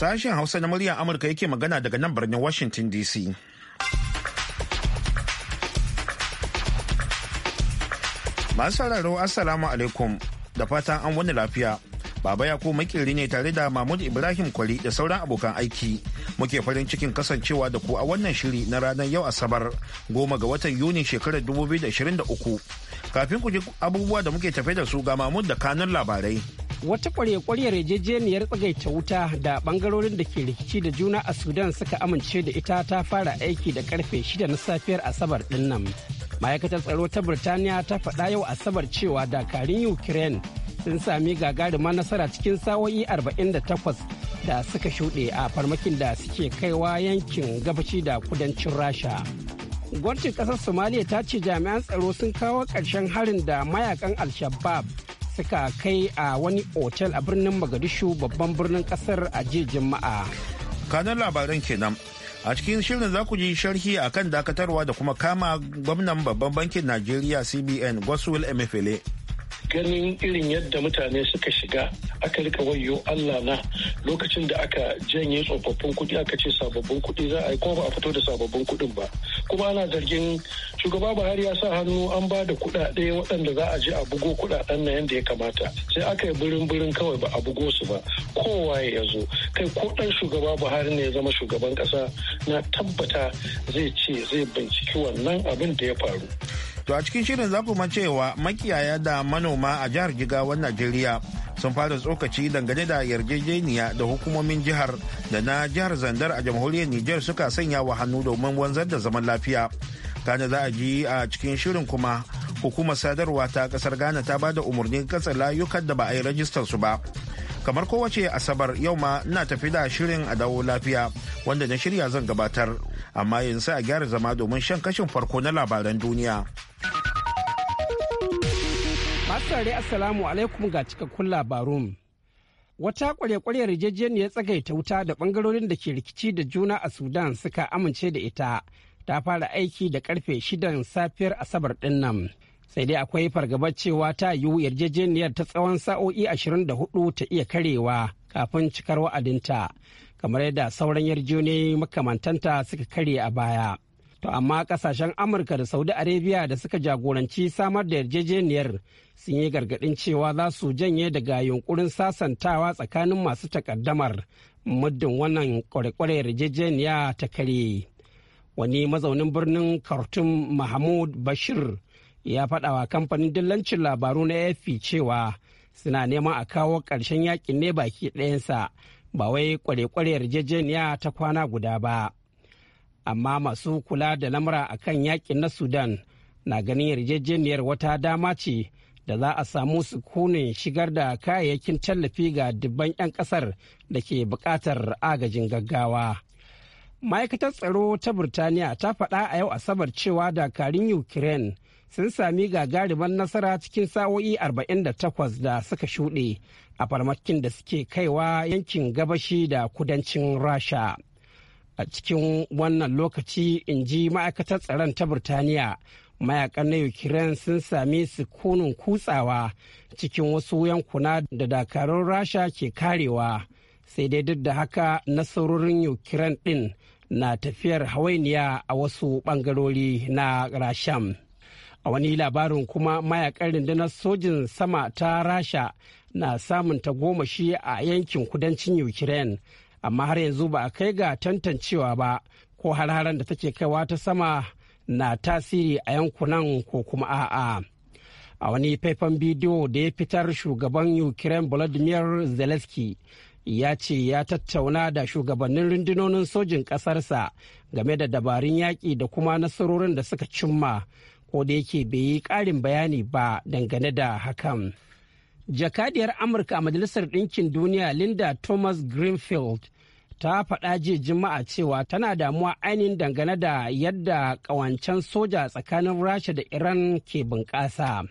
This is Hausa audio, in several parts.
Sashen Hausa na muryar Amurka yake magana daga nan birnin Washington DC. Masu sauraro Assalamu alaikum da fatan an wani lafiya. Baba ya ko makirri ne tare da Mahmud Ibrahim Kwari da sauran abokan aiki. Muke farin cikin kasancewa da ku a wannan shiri na ranar yau Asabar goma ga watan Yuni shekarar 2023. Kafin ku ji abubuwa da muke tafe da su ga Mahmud da kanun labarai. wata kwarya-kwaryar yarjejeniyar tsagaita wuta da bangarorin da ke rikici da juna a sudan suka amince da ita ta fara aiki da karfe shida na safiyar asabar din nan ma'aikatar tsaro ta birtaniya ta faɗa yau asabar cewa dakarun ukraine sun sami gagarima nasara cikin sawoyi 48 da suka shuɗe a farmakin da suke kaiwa yankin gabashi da kudancin rasha gwamnatin ƙasar somaliya ta ce jami'an tsaro sun kawo ƙarshen harin da mayakan al-shabab suka kai a wani otel a birnin Magadishu babban birnin kasar a jiya Juma'a. Kanan labaran kenan. A cikin shirin za ku ji sharhi akan dakatarwa da kuma kama gwamnan babban bankin Najeriya CBN Goswell Emefiele. ganin irin yadda mutane suka shiga aka rika wayo Allah na lokacin da aka janye tsofaffin kuɗi aka ce sababbin kuɗi za a yi kuma ba a fito da sababbin kuɗin ba kuma ana zargin shugaba Buhari ya sa hannu an ba da kuɗaɗe waɗanda za a je a bugo kuɗaɗen na yadda ya kamata sai aka yi birin birin kawai ba a bugo su ba kowa ya zo kai ko ɗan shugaba Buhari ne ya zama shugaban ƙasa na tabbata zai ce zai binciki wannan abin da ya faru. To a cikin shirin za ma cewa makiyaya da manoma a jihar Jigawan Najeriya sun fara tsokaci dangane da yarjejeniya da hukumomin jihar da na jihar Zandar a jamhuriyar Nijar suka sanya wa hannu domin wanzar da zaman lafiya. Kana za a ji a cikin shirin kuma hukumar sadarwa ta kasar Ghana ta bada umarnin katsa layukan da ba a yi rajistar su ba. Kamar kowace Asabar yau ma na tafi da shirin a dawo lafiya wanda na shirya zan gabatar amma yanzu a gyara zama domin shan kashin farko na labaran duniya. Asare Assalamu alaikum ga cikakkun labarun. Wata kwarya kwaryar yarjejeniyar tsagaita wuta da bangarorin da ke rikici da juna a Sudan suka amince da ita ta fara aiki da karfe shidan safiyar Asabar ɗin nan. Sai dai akwai fargabar cewa ta yiwu yarjejeniyar ta tsawon sa'o'i ashirin da 24 ta iya karewa kafin cikar wa'adinta, kamar yadda sauran yarjejeniyoyi makamantanta suka karye a baya. To amma kasashen Amurka da Saudi Arabia da suka jagoranci samar da yarjejeniyar sun yi gargaɗin cewa za su janye daga yunkurin sasantawa tsakanin masu takaddamar muddin wannan kwarekwarar yarjejeniya ta kare. Wani mazaunin birnin Khartoum Mahmud Bashir ya faɗawa kamfanin dillancin labaru na AFP cewa suna neman a kawo ƙarshen yakin ne baki ɗayansa ba wai kwarekwarar yarjejeniya ta kwana guda ba. amma masu kula da lamura a kan yakin na sudan na ganin yarjejeniyar wata dama ce da za a samu sukunin shigar da kayayyakin tallafi ga dubban 'yan kasar da ke bukatar agajin gaggawa ma'aikatar tsaro ta burtaniya ta faɗa a yau asabar cewa dakarun ukraine sun sami gagaruman nasara cikin sa'o'i 48 da suka shuɗe a farmakin da suke kaiwa yankin gabashi da kudancin rasha a cikin wannan lokaci in ji ma'aikatar tsaron ta burtaniya mayakan na ukraine sun sami sukunin kutsawa cikin wasu yankuna da dakarun rasha ke karewa sai dai duk da haka nasarorin ukraine din na tafiyar hawainiya a wasu bangarori na rasham a wani labarin kuma mayakan rundunar sojin sama ta rasha na samun tagomashi a yankin kudancin ukraine amma har yanzu ba a kai ga tantancewa ba ko har-haren da take kaiwa ta sama na tasiri a yankunan ko kuma a'a. A wani faifan bidiyo da ya fitar shugaban Ukraine Volodymyr Zelensky ya ce ya tattauna da shugabannin rundunonin sojin ƙasarsa game da dabarun yaƙi da kuma nasarorin da suka cimma ko da yake bai yi ƙarin bayani ba dangane da hakan. Jakadiyar Amurka a Majalisar Ɗinkin Duniya Linda Thomas Greenfield ta faɗa jiya juma'a cewa tana damuwa ainihin dangane da yadda ƙawancen soja tsakanin rasha da iran ke bunƙasa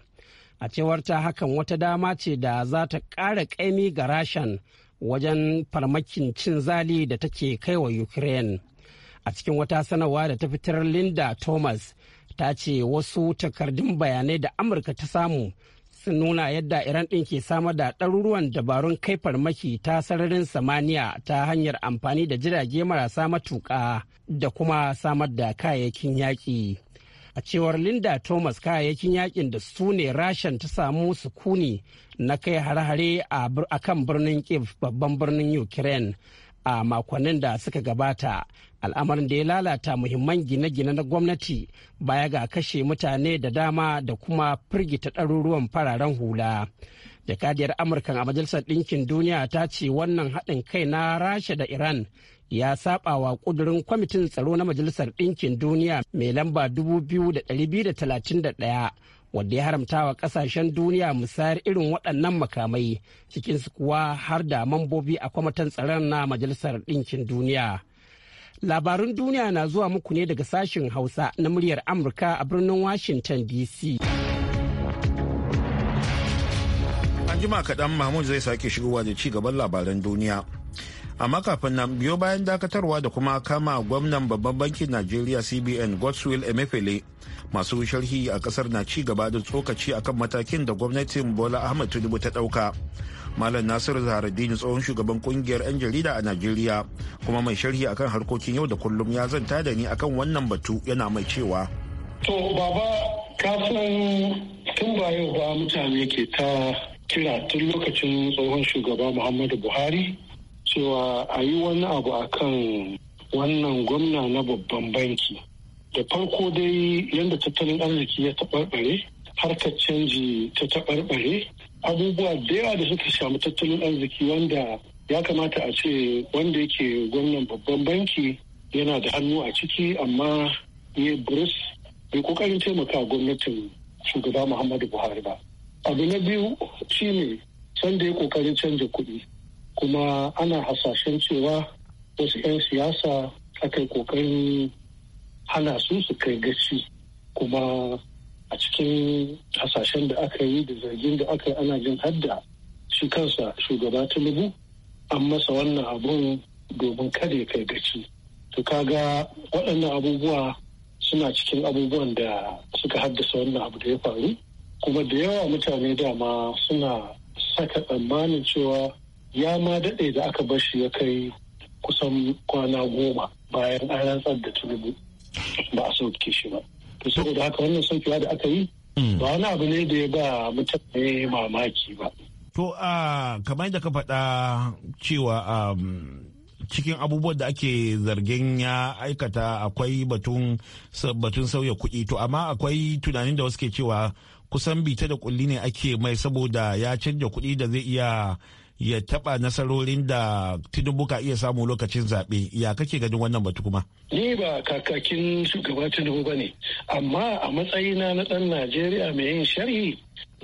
a cewar ta hakan wata dama ce da za ta ƙara ƙaimi ga rashan wajen farmakin cin zali da take kai wa ukraine a cikin wata sanarwa da ta fitar linda thomas ta ce wasu takardun bayanai da amurka ta samu sun nuna yadda iran ɗin ke samar da ɗaruruwan dabarun kai farmaki ta sararin samaniya ta hanyar amfani da jirage marasa matuƙa da kuma samar da kayayyakin yaƙi a cewar linda thomas kayayyakin yakin da su ne rashen ta samu sukuni na kai hare-hare a kan birnin kif babban birnin ukraine a makonnin da suka gabata al'amarin da ya lalata muhimman gine-gine na gwamnati baya ga kashe mutane da dama da kuma firgita ɗaruruwan fararen hula. jakadiyar amurkan a majalisar ɗinkin duniya ta ce wannan haɗin kai na rasha da iran ya saba wa ƙudurin kwamitin tsaro na majalisar ɗinkin duniya mai lamba 2231 wadda ya haramta wa kasashen duniya musayar irin waɗannan makamai cikin su kuwa har da mambobi a kwamitin tsaron na majalisar ɗinkin duniya labarun duniya na zuwa muku ne daga sashen hausa na muryar amurka a birnin washington dc an jima kaɗan mahmud zai sake shigowa da ci gaban labaran duniya amma kafin nan biyo bayan dakatarwa da kuma kama gwamnan babban bankin najeriya cbn godswill emefiele masu sharhi a kasar na ci gaba da tsokaci akan matakin da gwamnatin bola ahmed tinubu ta dauka malam nasir zaharaddini tsohon shugaban kungiyar 'yan jarida a najeriya kuma mai sharhi akan harkokin yau da kullum ya zanta da ni akan wannan batu yana mai cewa to baba kafin tun ba yau ba mutane ke ta kira tun lokacin tsohon shugaba muhammadu buhari cewa a yi wani abu akan wannan gwamna na babban banki da farko dai yadda tattalin arziki ya taɓarɓare harkar canji ta taɓarɓare abubuwa da yawa da suka samu tattalin arziki wanda ya kamata a ce wanda yake gwamnan babban banki yana da hannu a ciki amma ya buris bai kokarin taimaka gwamnatin shugaba muhammadu buhari ba abu na biyu shine sanda ya kokarin canja kuɗi kuma ana hasashen cewa wasu 'yan siyasa aka yi kokarin hana su su kai gaci kuma a cikin hasashen da aka yi da zargin da aka yi ana jin hadda shi kansa shugaba tinubu an masa wannan abun domin kada ya kai gaci to kaga waɗannan abubuwa suna cikin abubuwan da suka haddasa wannan abu da ya faru kuma da yawa mutane dama suna saka tsammanin cewa ya ma daɗe da aka bar shi ya kai kusan kwana goma bayan an rantsar da tinubu ba a sauke shi ba to saboda haka wannan saukewa da aka yi hmm. ba wani abu ne da ya ba mutane mamaki ba to a ah, kamar da ka faɗa cewa um, cikin abubuwan da ake zargin ya aikata akwai batun batun sauya kuɗi to amma akwai tunanin da wasu ke cewa kusan bita da kulli ne ake mai saboda ya canja kuɗi da zai iya ya taɓa nasarorin da tinubu ka iya samu lokacin zaɓe ya kake ganin wannan batu kuma. ni ba kakakin shugaba tinubu ba ne amma a matsayina na ɗan najeriya mai yin sharhi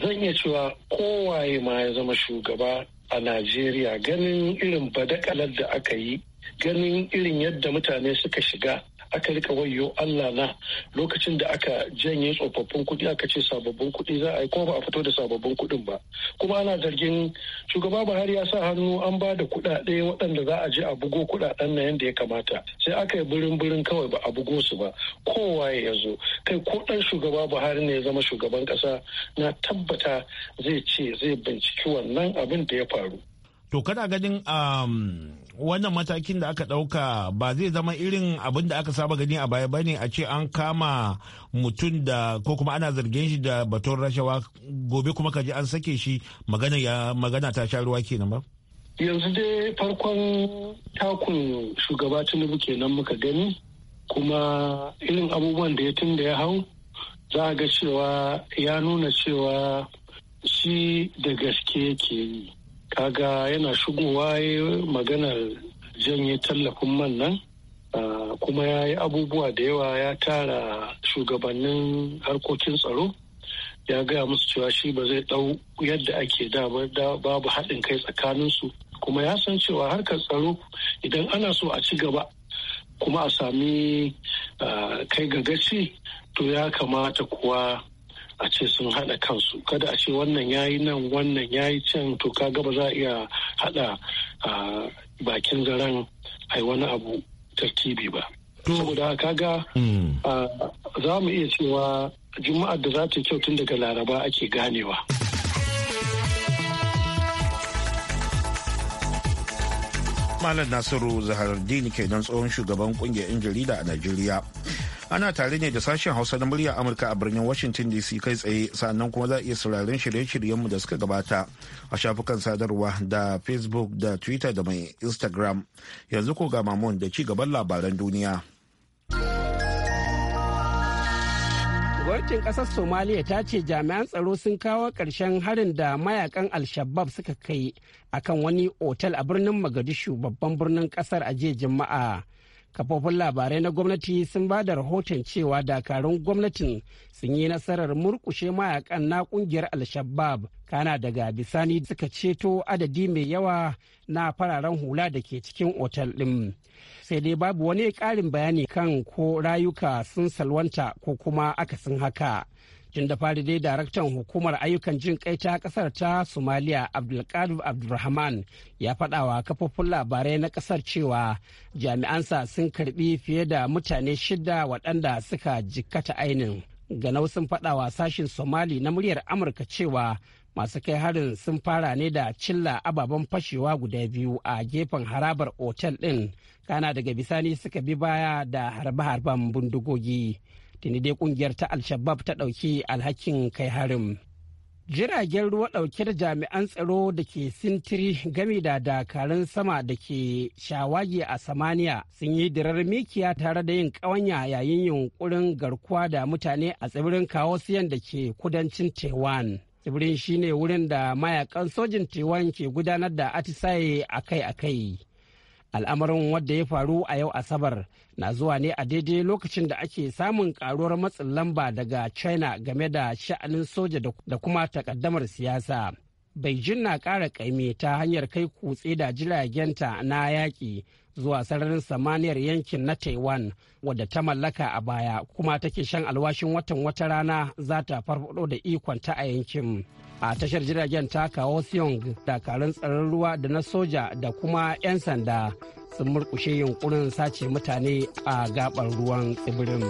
zan iya cewa kowaye ma ya zama shugaba a najeriya ganin irin badakalar da aka yi ganin irin yadda mutane suka shiga aka rika wayo Allah na lokacin da aka janye tsofaffin kuɗi aka ce sababbin kuɗi za a yi kuma ba a fito da sababbin kuɗin ba kuma ana zargin shugaba Buhari ya sa hannu an ba da kuɗaɗe waɗanda za a je a bugo kuɗaɗen na yadda ya kamata sai aka yi birin birin kawai ba a bugo su ba kowa ya zo kai ko ɗan shugaba Buhari ne ya zama shugaban ƙasa na tabbata zai ce zai binciki wannan abin da ya faru to kana ganin um, wannan matakin da aka ɗauka ba zai zama irin abin da aka saba gani a baya bane a ce an kama mutum da ko kuma ana zargin shi da baton rashawa gobe kuma kaji an sake shi magana ya magana ta sha ruwa kenan ba yanzu dai farkon takun shugaba tinubu kenan muka gani kuma irin abubuwan da ya tun da ya hau za a ga cewa ya nuna cewa shi da gaske ke yi kaga yana shigowa maganar janye tallafin man nan kuma ya yi abubuwa da yawa ya tara shugabannin harkokin tsaro ya gaya musu cewa shi ba zai ɗau yadda ake da babu haɗin kai tsakaninsu kuma ya san cewa harkar tsaro idan ana so a ci gaba kuma a sami kai ga gaci to ya kamata kuwa a ce sun haɗa kansu kada a ce wannan yayi nan wannan yayi can to kaga ba za a iya haɗa bakin zaren ai wani abu tartibi ba saboda kaga hmm. za mu iya cewa juma'ar da za ta kyau tun daga laraba ake ganewa Malam Nasiru Zahardini kenan tsohon shugaban kungiyar 'yan jarida a Najeriya. ana tare ne da sashen hausa na murya amurka a birnin washington dc kai tsaye sannan kuma za a iya sauraron shirye-shiryenmu da suka gabata a shafukan sadarwa da facebook da twitter da mai instagram yanzu ko ga mamun da ci gaban labaran duniya gwamnatin kasar somaliya ta ce jami'an tsaro sun kawo ƙarshen harin da mayakan al-shabab suka kai akan wani otal a birnin magadishu babban birnin kasar a jiya juma'a kafofin labarai na gwamnati sun ba da rahoton cewa dakarun gwamnatin sun yi nasarar murkushe mayakan na kungiyar alshabab kana daga bisani suka ceto adadi mai yawa na fararen hula da ke cikin otal ɗin sai dai babu wani ƙarin bayani kan ko rayuka sun salwanta ko kuma akasin haka tun da fari dai daraktan hukumar ayyukan jin kai ta kasar ta somaliya abdulkadir abdulrahman ya faɗawa kafofin labarai na kasar cewa jami'ansa sun karbi fiye da mutane shida waɗanda suka jikkata ainin ganau sun faɗawa sashin somali na muryar amurka cewa masu kai harin sun fara ne da cilla ababen fashewa guda biyu a gefen harabar otel ɗin kana daga bisani suka bi baya da harbe-harben bindigogi. tuni dai kungiyar ta al-shabab ta ɗauki alhakin kai harin jiragen ruwa dauke da jami'an tsaro da ke sintiri gami da dakarun sama da ke shawagi a samaniya sun yi dirar mikiya tare da yin kawanya yayin yunkurin garkuwa da mutane a tsibirin siyan da ke kudancin taiwan tsibirin shine wurin da mayakan sojin taiwan ke gudanar da atisaye akai-akai al'amarin wadda ya faru a yau asabar na zuwa ne a daidai lokacin da ake samun karuwar matsin lamba daga china game da sha'anin soja da kuma takaddamar siyasa beijing na kara ƙaimi ta hanyar kai kutse da jiragenta na yaƙi zuwa sararin samaniyar yankin na taiwan wadda ta mallaka a baya kuma take shan alwashin watan wata rana za ta farfado da ikonta a yankin. a tashar jiragen ta kawo siyong dakarun tsaron ruwa da na soja da kuma 'yan sanda sun murkushe yunkurin sace mutane a gabar ruwan tsibirin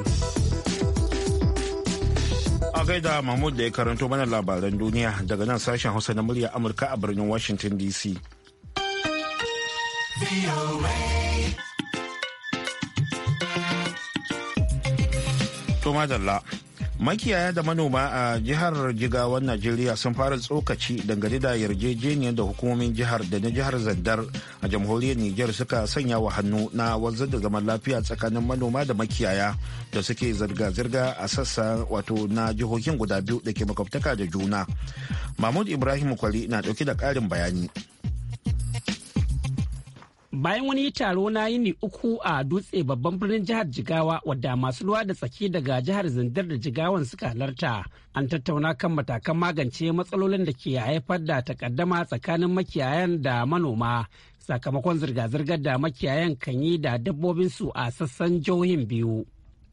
a gaida mahmud da ya karanto mana labaran duniya daga nan sashen hausa na murya amurka a birnin washington dc to makiyaya da manoma a jihar jigawan najeriya sun fara tsokaci dangane da yarjejeniyar da hukumomin jihar da na jihar zandar a jamhuriyar niger suka sanya wa hannu na wanzar da zaman lafiya tsakanin manoma da makiyaya da suke zirga-zirga a sassa wato na jihohin guda biyu da ke makwabtaka da juna mahmud ibrahim kwali na dauke da karin bayani bayan wani taro na yini uku a dutse babban birnin jihar jigawa wadda masu ruwa da tsaki daga jihar zindar da jigawan suka halarta an tattauna kan matakan magance matsalolin da ke haifar da takaddama tsakanin makiyayan da manoma sakamakon zirga-zirgar da makiyayan kan yi da dabbobinsu a sassan jihohin biyu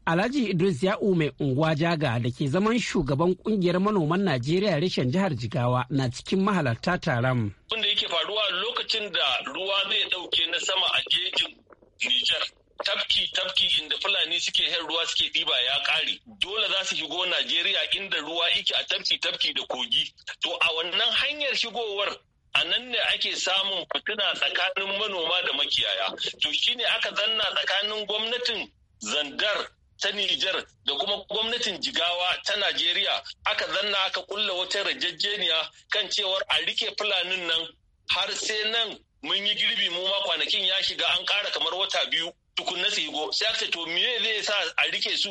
Alhaji Idris Ya'u mai unguwa Jaga da ke zaman shugaban kungiyar manoman Najeriya reshen jihar Jigawa na cikin mahalarta taron. Wanda yake faruwa lokacin da ruwa zai ɗauke na sama a jejin Nijar. Tafki tafki inda Fulani suke yin ruwa suke ɗiba ya ƙare. Dole za su shigo Najeriya inda ruwa yake a tafki tafki da kogi. To a wannan hanyar shigowar a nan ne ake samun fitina tsakanin manoma da makiyaya. To shine aka zanna tsakanin gwamnatin zandar ta Nijar da kuma gwamnatin Jigawa ta Najeriya aka zanna aka kulla wata rajajjeniya kan cewar a rike fulanin nan har sai nan mun yi girbi mu ma kwanakin ya shiga an kara kamar wata biyu tukun na sigo sai aka to me zai sa a rike su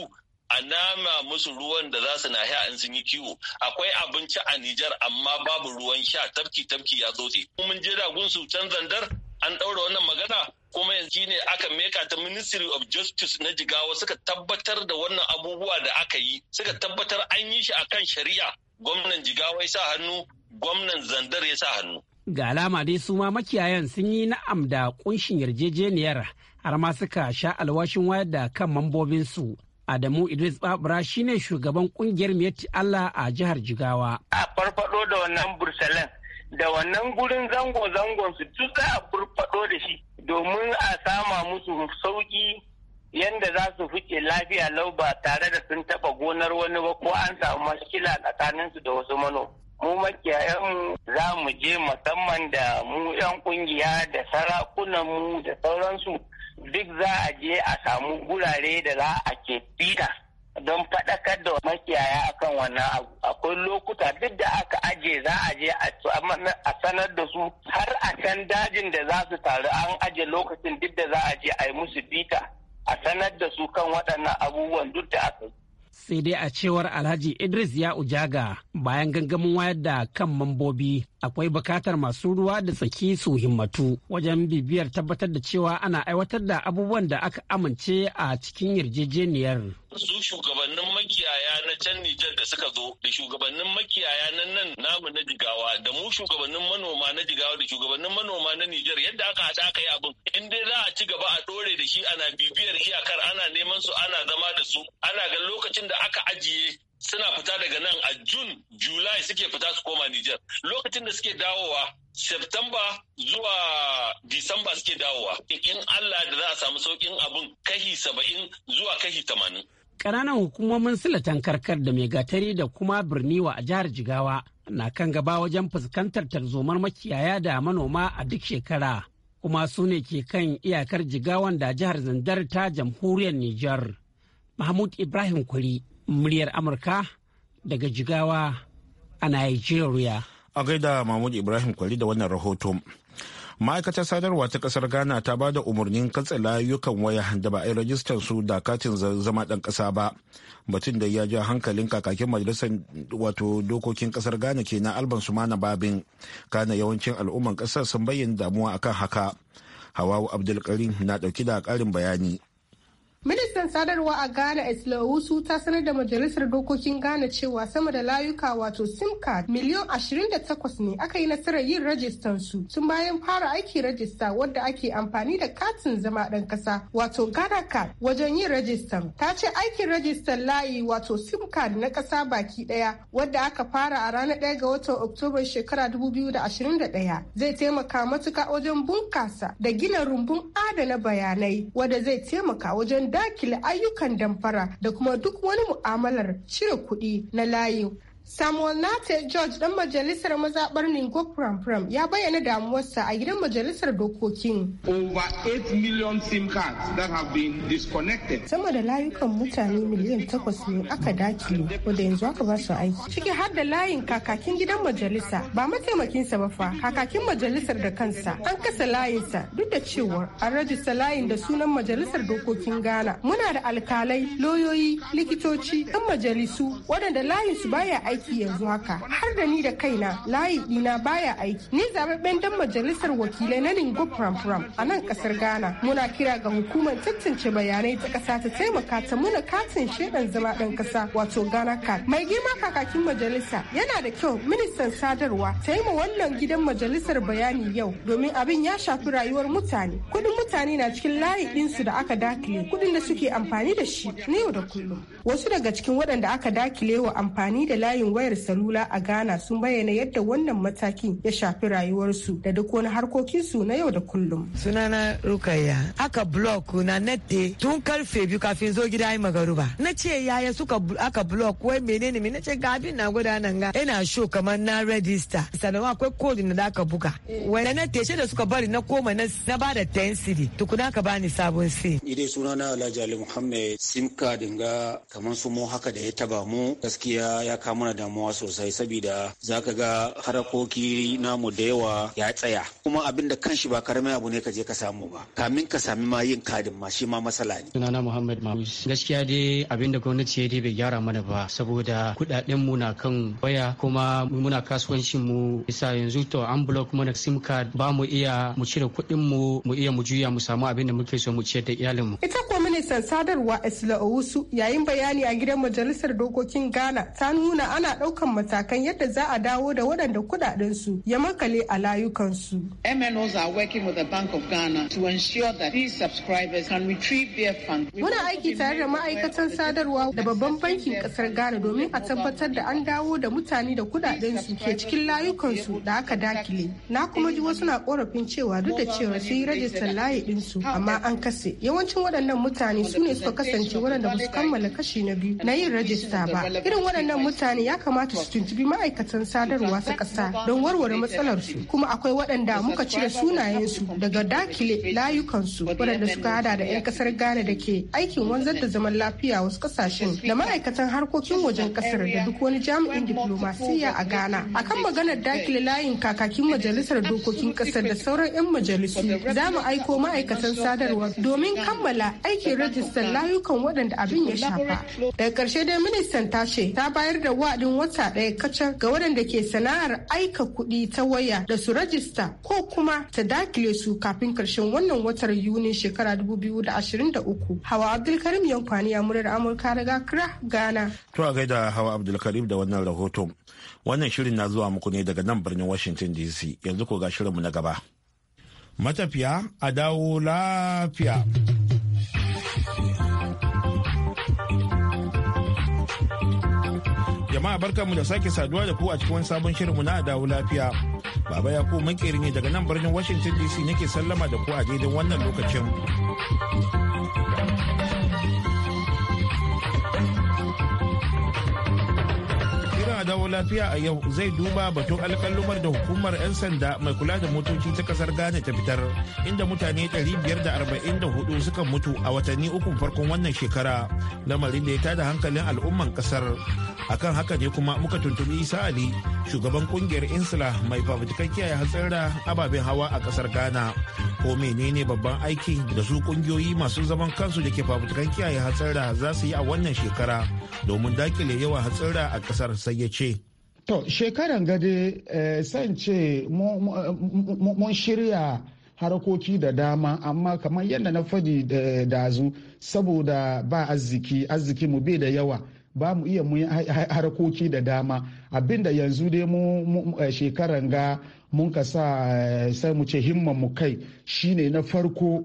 a nama musu ruwan da za su na haya in sun yi kiwo akwai abinci a Nijar amma babu ruwan sha tafki tafki ya tsotse mun je da gunsu can zandar an ɗaura wannan magana kuma yanzu ne aka meka ta ministry of justice na jigawa suka tabbatar da wannan abubuwa da aka yi suka tabbatar an yi shi akan shari'a gwamnan jigawa ya sa hannu gwamnan zandar ya sa hannu ga alama dai su ma makiyayan sun yi na'am da kunshin yarjejeniyar har ma suka sha alwashin wayar da kan mambobinsu Adamu Idris Babura shine shugaban kungiyar Miyatti Allah a jihar Jigawa. A farfado da wannan bursalan da wannan gurin zango-zangon su duk za a furfado da shi domin a sama musu sauki yadda za su fice lafiya lau ba tare da sun taba gonar wani ba ko an samu mashkila tsakaninsu da wasu mano. mu makiyayen za mu je musamman da mu 'yan kungiya da sarakunanmu da sauransu duk za a je a samu gurare da za a ke fita don faɗakar da makiyaya akan wannan abu akwai lokuta duk da aka aje za a je a sanar da su har a can dajin da za su taru an aje lokacin duk da za a je a yi musu bita a sanar da su kan waɗannan abubuwan duk da aka yi sai dai a cewar alhaji idris ya ujaga bayan gangamin wayar da kan mambobi akwai bukatar masu ruwa da tsaki su himmatu wajen bibiyar tabbatar da cewa ana aiwatar da abubuwan da aka amince a cikin yarjejeniyar su shugabannin makiyaya na can Nijar da suka zo da shugabannin makiyaya na nan namu na jigawa da mu shugabannin manoma na jigawa da shugabannin manoma na Nijar yadda aka haɗa aka yi abin in dai za a ci gaba a ɗore da shi ana bibiyar iyakar ana neman su ana zama da su ana ga lokacin da aka ajiye suna fita daga nan a Jun, July suke fita su koma Nijar. Lokacin da suke dawowa, september zuwa december suke dawowa. In Allah da za a samu saukin abin kahi saba'in zuwa kahi tamanin. Ƙananan hukumomin silatan karkar da mai gatari da kuma birniwa a jihar Jigawa na kan gaba wajen fuskantar tarzomar makiyaya da manoma a duk shekara. Kuma su ne ke kan iyakar jigawan da jihar Zandar ta jamhuriyar Nijar. mahmud ibrahim kwari muryar amurka daga jigawa a nigeria a gaida mahmud ibrahim kwari da wannan rahoto ma'aikatar sadarwa ta kasar ghana ta ba da umarnin katse layukan waya da ba a yi rajistar su da katin zama dan kasa ba batun da ya ja hankalin kakakin majalisar wato dokokin kasar ghana ke na alban su mana babin kana yawancin al'umman kasar sun bayyana damuwa akan haka hawawu abdulkarim na dauki da ƙarin bayani Ministan sadarwa a Ghana Islawusu ta sanar da majalisar dokokin Ghana cewa sama da layuka wato SIM card miliyon 28 ne aka yi nasarar yin rajistan su tun bayan fara aiki rajista wadda ake amfani da katin zama ɗan ƙasa wato Ghana card wajen yin rajistan. Ta ce aikin rajistan layi wato SIM card na ƙasa baki ɗaya wadda aka fara a ranar 1 ga watan Oktoba shekara 2021 zai taimaka matuka wajen bunƙasa da gina rumbun adana bayanai wadda zai taimaka wajen dakile ayyukan damfara da kuma duk wani mu'amalar cire kuɗi na layi Samuel Nate George dan majalisar mazaɓar Ningo Pram ya bayyana damuwarsa a gidan majalisar dokokin. Over 8 million SIM cards that have been disconnected. Sama da layukan mutane miliyan takwas ne aka dakile wanda yanzu aka ba su aiki. Ciki har da layin kakakin gidan majalisa ba mataimakinsa ba fa kakakin majalisar da kansa an kasa layinsa duk da cewa an rajista layin da sunan majalisar dokokin Ghana. Muna da alkalai, loyoyi, likitoci, 'yan majalisu waɗanda layinsu baya aiki aiki yanzu haka har da ni da kaina layi dina baya aiki ni zababben dan majalisar wakilai na lingo pram a nan kasar ghana muna kira ga hukumar tantance bayanai ta kasa ta taimaka ta muna katin shedan zama dan kasa wato ghana card mai girma kakakin majalisa yana da kyau ministan sadarwa ta yi ma wannan gidan majalisar bayani yau domin abin ya shafi rayuwar mutane kudin mutane na cikin layi ɗinsu da aka dakile kudin da suke amfani da shi ne yau da kullum wasu daga cikin waɗanda aka dakile wa amfani da layin wayar salula a Ghana sun bayyana yadda wannan matakin ya shafi rayuwarsu da duk wani harkokinsu na yau da kullum. Sunana Rukayya, aka blok na nette tun karfe biyu kafin zo gida yi magaruba. Na ce yaya suka aka blok wai menene me na ce ga abin na nan ga ina show kamar na register. Sanawa akwai kodin da aka buga. Wai na teshe da suka bari na koma na ba da ten city tukuna ka bani sabon si. Idai sunana Alhaji Ali Muhammad sim card ga kamar su mu haka da ya taba mu gaskiya ya kama damuwa sosai saboda ka ga harakoki namu da yawa ya tsaya kuma abin da shi ba karamin abu ne ka je ka samu ba kamin ka sami ma yin kadin ma shi ma matsala ne sunana muhammad mahus gaskiya dai abin da gwamnati ya dai bai gyara mana ba saboda kudaden mu na kan waya kuma muna kasuwancin mu bisa yanzu to an block mana sim card ba mu iya mu cire kuɗin mu mu iya mu juya mu samu abin da muke so mu ciyar da iyalin mu ita kuma ministan sadarwa Esla Owusu yayin bayani a gidan majalisar dokokin Ghana ta nuna ana ɗaukan matakan yadda za a dawo da waɗanda kuɗaɗensu ya makale a layukansu. MNOs are working with the Bank of Ghana to ensure that these subscribers can retrieve their funds. Muna aiki tare da ma'aikatan sadarwa da babban bankin ƙasar Ghana domin a tabbatar da an dawo da mutane da kuɗaɗensu ke cikin layukansu da aka dakile. Na kuma ji wasu na korafin cewa duk da cewa sun yi rajistar layi ɗinsu amma an kase. Yawancin waɗannan mutane su ne suka kasance waɗanda ba su kammala kashi na biyu na yin rajista ba. Irin waɗannan mutane ya kamata su tuntubi ma'aikatan sadarwa ta ƙasa don warware matsalarsu kuma akwai waɗanda muka cire sunayensu daga dakile layukansu waɗanda suka hada da 'yan ƙasar ghana da ke aikin wanzar da zaman lafiya wasu ƙasashen da ma'aikatan harkokin wajen ƙasar da duk wani jami'in diplomasiya a ghana akan maganar dakile layin kakakin majalisar dokokin ƙasar da sauran 'yan majalisu za mu aiko ma'aikatan sadarwa domin kammala aikin rajistar layukan waɗanda abin ya shafa daga ƙarshe dai ministan tashe ta bayar da wa wa'adin wata ɗaya kacal ga waɗanda ke sana'ar aika kuɗi ta waya da su rajista ko kuma ta dakile su kafin karshen wannan watar yuni shekara 2023. Hawa Abdulkarim Yankwani ya murar Amurka daga kira Ghana. To a gaida Hawa Abdulkarim da wannan rahoton. Wannan shirin na zuwa muku ne daga nan birnin Washington DC. Yanzu ko ga shirinmu na gaba. Matafiya a dawo lafiya. Jama'a barkanmu da sake saduwa da ku a cikin wani sabon shirinmu na dawo lafiya. Baba ya ku makeri ne daga nan birnin Washington DC nake sallama da ku a daidai wannan lokacin. a dawo lafiya a yau zai duba batun alkalumar da hukumar 'yan sanda mai kula da motoci ta kasar Ghana ta fitar inda mutane 544 suka mutu a watanni uku farkon wannan shekara lamarin da ya tada hankalin al'umman kasar. Akan haka ne kuma muka tuntubi Isa Ali shugaban kungiyar Insula mai fafutukan kiyaye hatsara ababen hawa a kasar Ghana. Ko menene babban aiki da su kungiyoyi masu zaman kansu da ke fafutukan kiyaye hatsara za su yi a wannan shekara domin dakile yawan hatsara a kasar sai ya ce to shekaran gade eh, san ce mun shirya harkoki da dama amma kamar yadda na fadi da dazu saboda ba arziki arziki mu bai da yawa ba mu iya mu harkoki da dama abinda yanzu dai mu eh, shekaran ga mun ka sa eh, sai mu ce himman mu kai shine na farko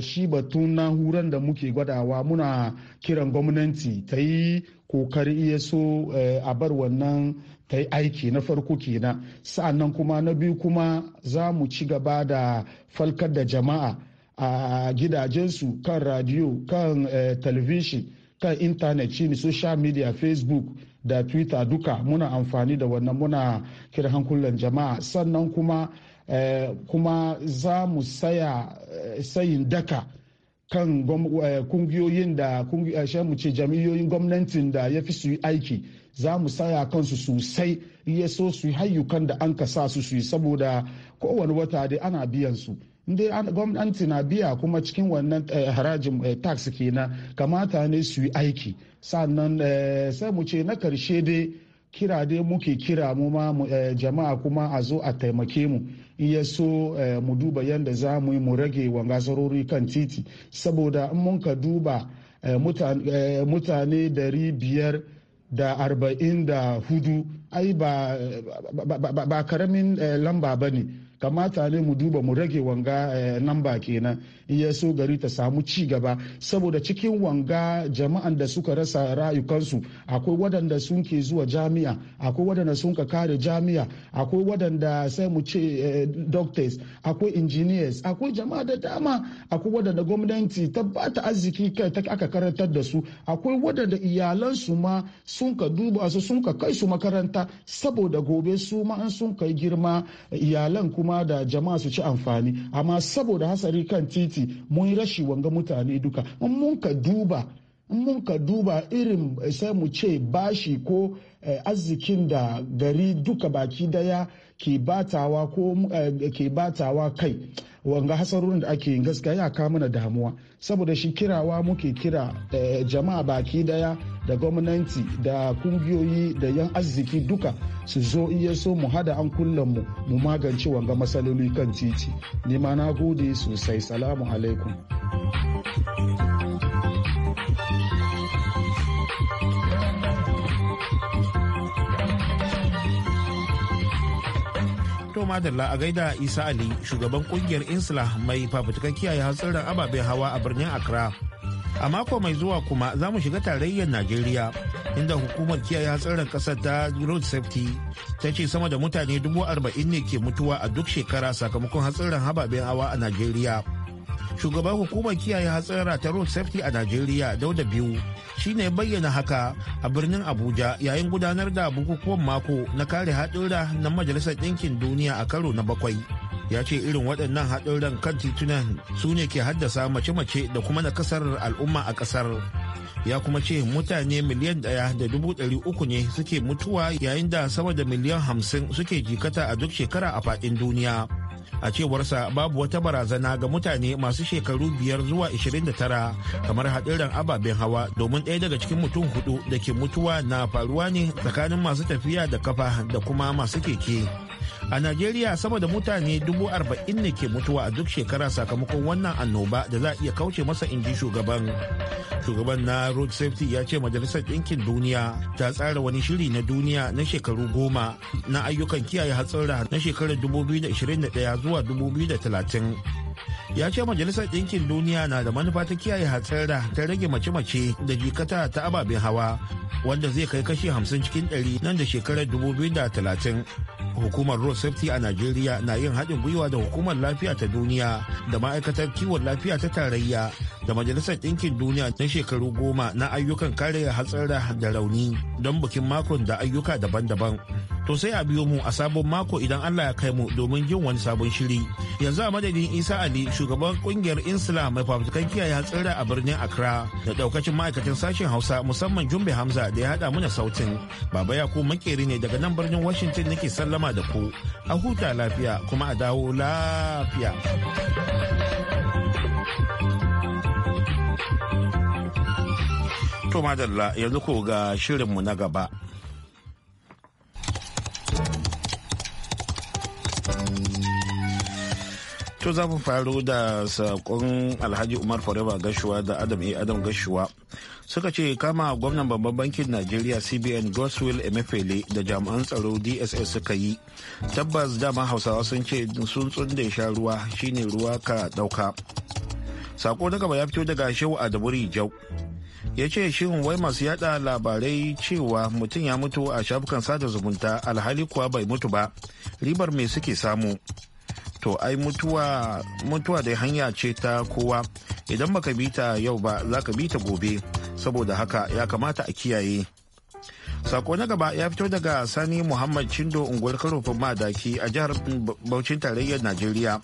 shi batun huran da muke gwadawa muna kiran gwamnati ta yi kokari iya so eh, a bar wannan ta yi aiki na farko kenan sa'annan kuma na biyu kuma za mu ci gaba da falkar da jama'a a gidajensu kan radio kan eh, talabishin kan intanet shine social media facebook da twitter duka muna amfani da wannan muna kira hankulan jama'a sannan kuma eh, kuma za mu saya sayin daka kan eh, kungiyoyin da eh, mu ce jami'oyin gwamnatin da ya fi su yi aiki za mu saya kansu sosai ya so su yi hayyukan da an sa su su yi saboda kowane wata dai ana biyan su inda gwamnati na biya kuma cikin wannan eh, harajin tax kenan kamata ne su yi aiki sannan sai mu ce na karshe dai kira dai muke kira mu ma jama'a kuma a zo a taimake mu ya so eh, mu duba yadda za mu yi mu rage kan titi saboda in mun ka duba eh, eh, mutane dari biyar da arba'in da hudu ai ba karamin lamba ba ne kamata ne mu duba mu rage wanga eh, nan ba kenan in ya so gari ta samu ci gaba saboda cikin wanga jama'an da suka rasa rayukansu akwai wadanda sun ke zuwa jami'a akwai wadanda sun ka kare jami'a akwai wadanda sai mu ce eh, doctors akwai engineers akwai jama'a da dama akwai wadanda gwamnati ta bata arziki kai ta aka karantar da su akwai wadanda iyalansu ma sun ka duba su sun ka kai su makaranta saboda gobe su ma an sun kai girma iyalan kuma kuma da jama'a su ci amfani amma saboda hasari kan titi mun yi rashi wanga mutane duka in mun ka duba in mun ka duba irin eh, sai mu ce bashi ko eh, arzikin da gari duka baki daya ke batawa ko eh, ke batawa kai wanga hasarorin da ake yin gaskiya ya kawo mana damuwa saboda shi kirawa muke kira eh, jama'a baki daya da gwamnati da kungiyoyi da yan arziki duka su zo iya so mu hada an kullum mu mu magance wanga matsaloli kan titi ni ma na gode sosai salamu alaikum madalla a gaida isa ali shugaban kungiyar insula mai fafutukan kiyaye hatsarin ababen hawa a birnin accra a mako mai zuwa kuma za mu shiga tarayyar najeriya inda hukumar kiyaye hatsarin kasar ta road safety ta ce sama da mutane dubu arba'in ne ke mutuwa a duk shekara sakamakon hatsarin ababen hawa a najeriya shugaban hukumar kiyaye hatsara ta road safety a najeriya dauda biyu shine bayyana haka a birnin abuja yayin gudanar da bukukuwan mako na kare haɗura na majalisar ɗinkin duniya a karo na bakwai ya ce irin waɗannan haɗurran kan titunan su ne ke haddasa mace-mace da kuma na kasar al'umma a ƙasar ya kuma ce mutane miliyan ɗaya da dubu ɗari uku ne suke mutuwa yayin da sama da miliyan hamsin suke jikata a duk shekara a faɗin duniya a cewarsa babu wata barazana ga mutane masu shekaru biyar zuwa 29 kamar haɗiran ababen hawa domin ɗaya daga cikin mutum hudu da ke mutuwa na faruwa ne tsakanin masu tafiya da kafa da kuma masu keke A Najeriya sama da mutane dubu arba'in ne ke mutuwa a duk shekara sakamakon wannan annoba da za a iya kauce masa inji shugaban. Shugaban na Road Safety ya ce Majalisar Ɗinkin Duniya ta tsara wani shiri na duniya na shekaru goma na ayyukan kiyaye hatsara na shekarar 2021 zuwa talatin. ya ce majalisar ɗinkin duniya na da manufa ta kiyaye hatsara ta rage mace-mace da jikata ta ababen hawa wanda zai kai kashi hamsin cikin 100 nan da shekarar dubu biyu da talatin. hukumar road safety a najeriya na yin haɗin gwiwa da hukumar lafiya ta duniya da ma'aikatar kiwon lafiya ta tarayya da majalisar ɗinkin duniya na shekaru goma na ayyukan kare hatsara da rauni don bikin makon da ayyuka daban-daban To sai a biyo mu a sabon mako idan Allah ya kai mu domin jin wani sabon shiri. Yanzu a madadin Isa Ali shugaban kungiyar Insula mai fafutukan kiyaye hatsira a birnin Accra da daukacin ma'aikacin sashen Hausa musamman Jumbe Hamza da ya hada mana sautin. Baba Yakubu makeri ne daga nan birnin Washington nake sallama da ku. A huta lafiya kuma a dawo lafiya. To madalla yanzu ko ga shirinmu na gaba. To za mu faru da sakon Alhaji Umar Forever Gashuwa da Adam e Adam Gashuwa. Suka ce kama gwamnan babban bankin Najeriya CBN goswell emefele da jami'an tsaro DSS suka yi. Tabbas dama Hausawa sun ce sun tsunde sha ruwa shine ruwa ka dauka. Sako daga gaba ya fito daga Shehu Adamu jau ya ce shin wai masu yada labarai cewa mutum ya mutu a shafukan sada zumunta alhali kuwa bai mutu ba ribar me suke samu to ai mutuwa mutuwa da hanya ce ta kowa idan baka bi ta yau ba za ka bi ta gobe saboda haka ya kamata a kiyaye sako na gaba ya fito daga sani muhammad chindo unguwar karofin madaki a jihar bauchin tarayyar najeriya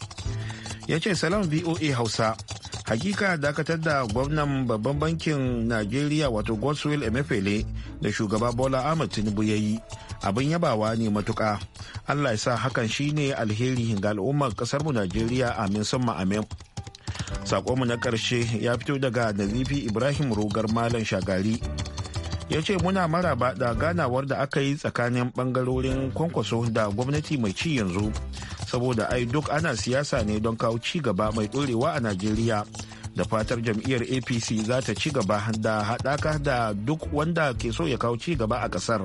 ya ce salam voa hausa hakika dakatar da gwamnan babban bankin najeriya wato godswill emefele da shugaba bola ahmed tinubu ya abin yabawa ne matuka allah ya sa hakan shine alheri ga al'ummar kasarmu najeriya amin summa amin mu na ƙarshe ya fito daga nazifi ibrahim rogar malam shagari ya ce muna maraba da ganawar da aka yi tsakanin ɓangarorin kwankwaso da gwamnati mai ci yanzu saboda ai duk ana siyasa ne don kawo ci gaba mai ɗorewa a najeriya da fatar jam'iyyar apc za ta ci gaba da haɗaka da duk wanda ke so ya kawo ci gaba a ƙasar.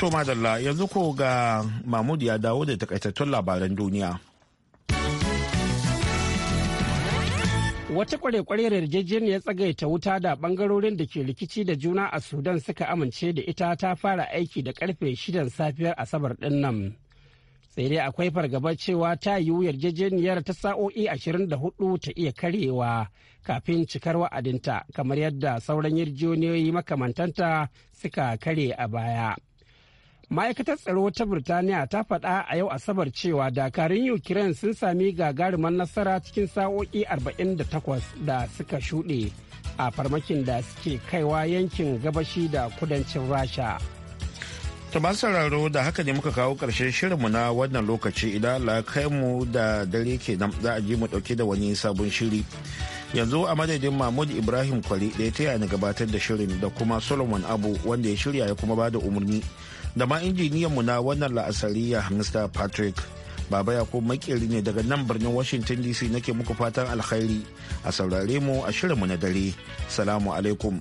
To madalla yanzu ko ga Mahmud ya dawo da takaitattun labaran duniya. Wata kware-kware kwarekwarar yarjejeniyar tsagaita wuta da bangarorin da ke rikici da juna a Sudan suka amince da ita ta fara aiki da karfe shidan safiyar Asabar din nan. Sai dai akwai fargabar cewa ta yiwu yarjejeniyar ta sa'o'i 24 ta iya karyewa kafin cikar wa'adinta kamar yadda sauran yarjejeniyoyi makamantanta suka kare a baya. ma'aikatar tsaro ta birtaniya ta faɗa a yau asabar cewa dakarun ukraine sun sami gagarumar nasara cikin sa'o'i 48 da suka shuɗe a farmakin da suke kaiwa yankin gabashi da kudancin rasha ta sauraro da haka ne muka kawo ƙarshen shirinmu na wannan lokaci idan allah kai mu da dare kenan za a ji mu ɗauke da wani sabon shiri yanzu a madadin mahmud ibrahim kwari da ya taya ni gabatar da shirin da kuma solomon abu wanda ya shirya ya kuma bada umarni da ma injiniyan mu na wannan la'asariya mr patrick baba ya ko makeri ne daga nan birnin washington dc nake muku fatan alkhairi a saurare mu a shirinmu na dare salamu alaikum